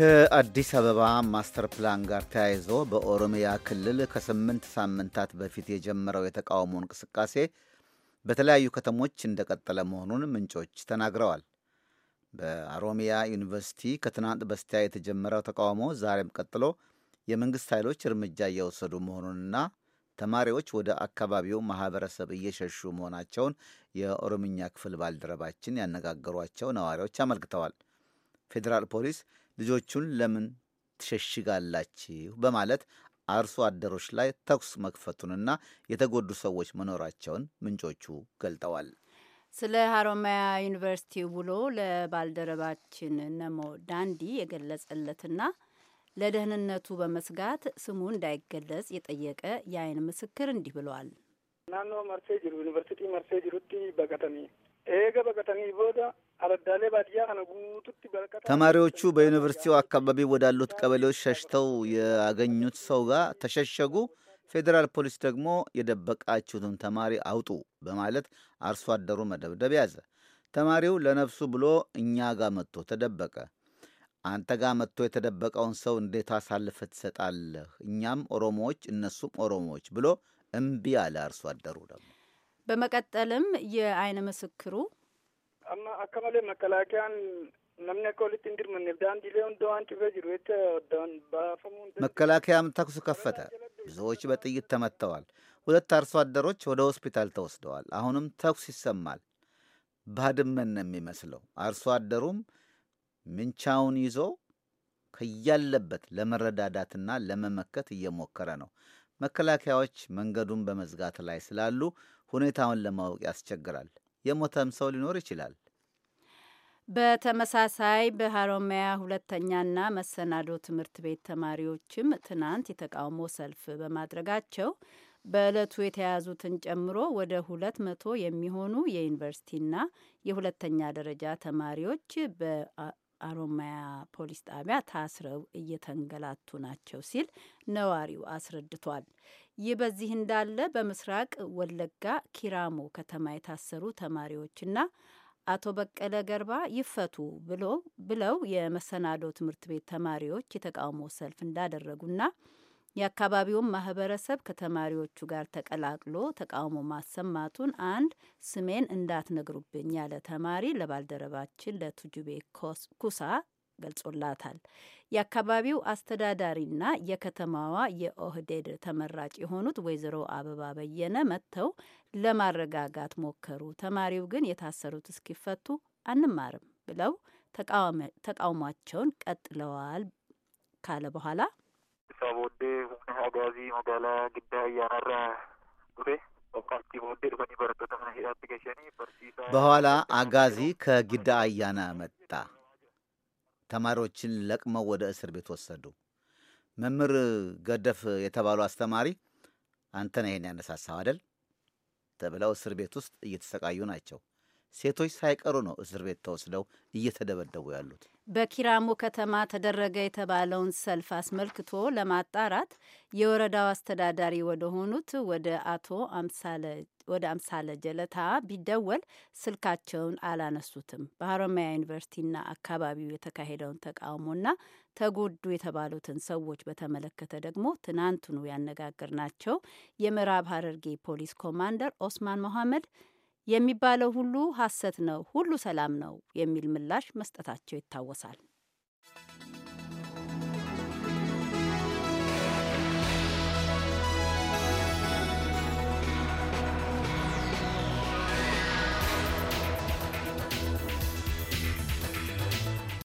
ከአዲስ አበባ ማስተር ፕላን ጋር ተያይዞ በኦሮሚያ ክልል ከስምንት ሳምንታት በፊት የጀመረው የተቃውሞ እንቅስቃሴ በተለያዩ ከተሞች እንደቀጠለ መሆኑን ምንጮች ተናግረዋል። በኦሮሚያ ዩኒቨርሲቲ ከትናንት በስቲያ የተጀመረው ተቃውሞ ዛሬም ቀጥሎ የመንግስት ኃይሎች እርምጃ እየወሰዱ መሆኑንና ተማሪዎች ወደ አካባቢው ማህበረሰብ እየሸሹ መሆናቸውን የኦሮምኛ ክፍል ባልደረባችን ያነጋገሯቸው ነዋሪዎች አመልክተዋል። ፌዴራል ፖሊስ ልጆቹን ለምን ትሸሽጋላችሁ በማለት አርሶ አደሮች ላይ ተኩስ መክፈቱንና የተጎዱ ሰዎች መኖራቸውን ምንጮቹ ገልጠዋል። ስለ ሀሮማያ ዩኒቨርሲቲ ውሎ ለባልደረባችን ነሞ ዳንዲ የገለጸለትና ለደህንነቱ በመስጋት ስሙ እንዳይገለጽ የጠየቀ የአይን ምስክር እንዲህ ብለዋል። ናኖ መርሴ ጅሩ ዩኒቨርሲቲ መርሴ ጅሩቲ በቀተኒ ኤገ በቀተኒ ቦዳ ተማሪዎቹ በዩኒቨርሲቲው አካባቢ ወዳሉት ቀበሌዎች ሸሽተው ያገኙት ሰው ጋር ተሸሸጉ። ፌዴራል ፖሊስ ደግሞ የደበቃችሁትን ተማሪ አውጡ በማለት አርሶ አደሩ መደብደብ ያዘ። ተማሪው ለነፍሱ ብሎ እኛ ጋር መጥቶ ተደበቀ። አንተ ጋር መጥቶ የተደበቀውን ሰው እንዴት አሳልፈ ትሰጣለህ? እኛም ኦሮሞዎች እነሱም ኦሮሞዎች ብሎ እምቢ አለ አርሶ አደሩ ደግሞ። በመቀጠልም የአይን ምስክሩ akka malee makalaakaan namni akka walitti hin dirmanneef daandiilee hundoo waan cufee jiru jecha waddaan baafamuun መከላከያም ተኩስ ከፈተ። ብዙዎች በጥይት ተመትተዋል። ሁለት አርሶ አደሮች ወደ ሆስፒታል ተወስደዋል። አሁንም ተኩስ ይሰማል። ባድመን ነው የሚመስለው። አርሶ አደሩም ምንቻውን ይዞ ከያለበት ለመረዳዳትና ለመመከት እየሞከረ ነው። መከላከያዎች መንገዱን በመዝጋት ላይ ስላሉ ሁኔታውን ለማወቅ ያስቸግራል። የሞተም ሰው ሊኖር ይችላል። በተመሳሳይ በሀሮሚያ ሁለተኛና መሰናዶ ትምህርት ቤት ተማሪዎችም ትናንት የተቃውሞ ሰልፍ በማድረጋቸው በዕለቱ የተያዙትን ጨምሮ ወደ ሁለት መቶ የሚሆኑ የዩኒቨርሲቲና የሁለተኛ ደረጃ ተማሪዎች በአሮማያ ፖሊስ ጣቢያ ታስረው እየተንገላቱ ናቸው ሲል ነዋሪው አስረድቷል። ይህ በዚህ እንዳለ በምስራቅ ወለጋ ኪራሞ ከተማ የታሰሩ ተማሪዎችና አቶ በቀለ ገርባ ይፈቱ ብሎ ብለው የመሰናዶ ትምህርት ቤት ተማሪዎች የተቃውሞ ሰልፍ እንዳደረጉና የአካባቢውን ማህበረሰብ ከተማሪዎቹ ጋር ተቀላቅሎ ተቃውሞ ማሰማቱን አንድ ስሜን እንዳትነግሩብኝ ያለ ተማሪ ለባልደረባችን ለቱጁቤ ኩሳ ገልጾላታል። የአካባቢው አስተዳዳሪና የከተማዋ የኦህዴድ ተመራጭ የሆኑት ወይዘሮ አበባ በየነ መጥተው ለማረጋጋት ሞከሩ። ተማሪው ግን የታሰሩት እስኪፈቱ አንማርም ብለው ተቃውሟቸውን ቀጥለዋል ካለ በኋላ በኋላ አጋዚ ከጊዳ አያና መጣ። ተማሪዎችን ለቅመው ወደ እስር ቤት ወሰዱ። መምህር ገደፍ የተባሉ አስተማሪ አንተ ነህ ይሄን ያነሳሳው አደል ተብለው እስር ቤት ውስጥ እየተሰቃዩ ናቸው። ሴቶች ሳይቀሩ ነው እስር ቤት ተወስደው እየተደበደቡ ያሉት። በኪራሙ ከተማ ተደረገ የተባለውን ሰልፍ አስመልክቶ ለማጣራት የወረዳው አስተዳዳሪ ወደሆኑት ወደ አቶ አምሳለ ወደ አምሳለ ጀለታ ቢደወል ስልካቸውን አላነሱትም። በሀረማያ ዩኒቨርሲቲና አካባቢው የተካሄደውን ተቃውሞና ተጎዱ የተባሉትን ሰዎች በተመለከተ ደግሞ ትናንቱኑ ያነጋገርናቸው የምዕራብ ሀረርጌ ፖሊስ ኮማንደር ኦስማን መሐመድ የሚባለው ሁሉ ሐሰት ነው፣ ሁሉ ሰላም ነው የሚል ምላሽ መስጠታቸው ይታወሳል።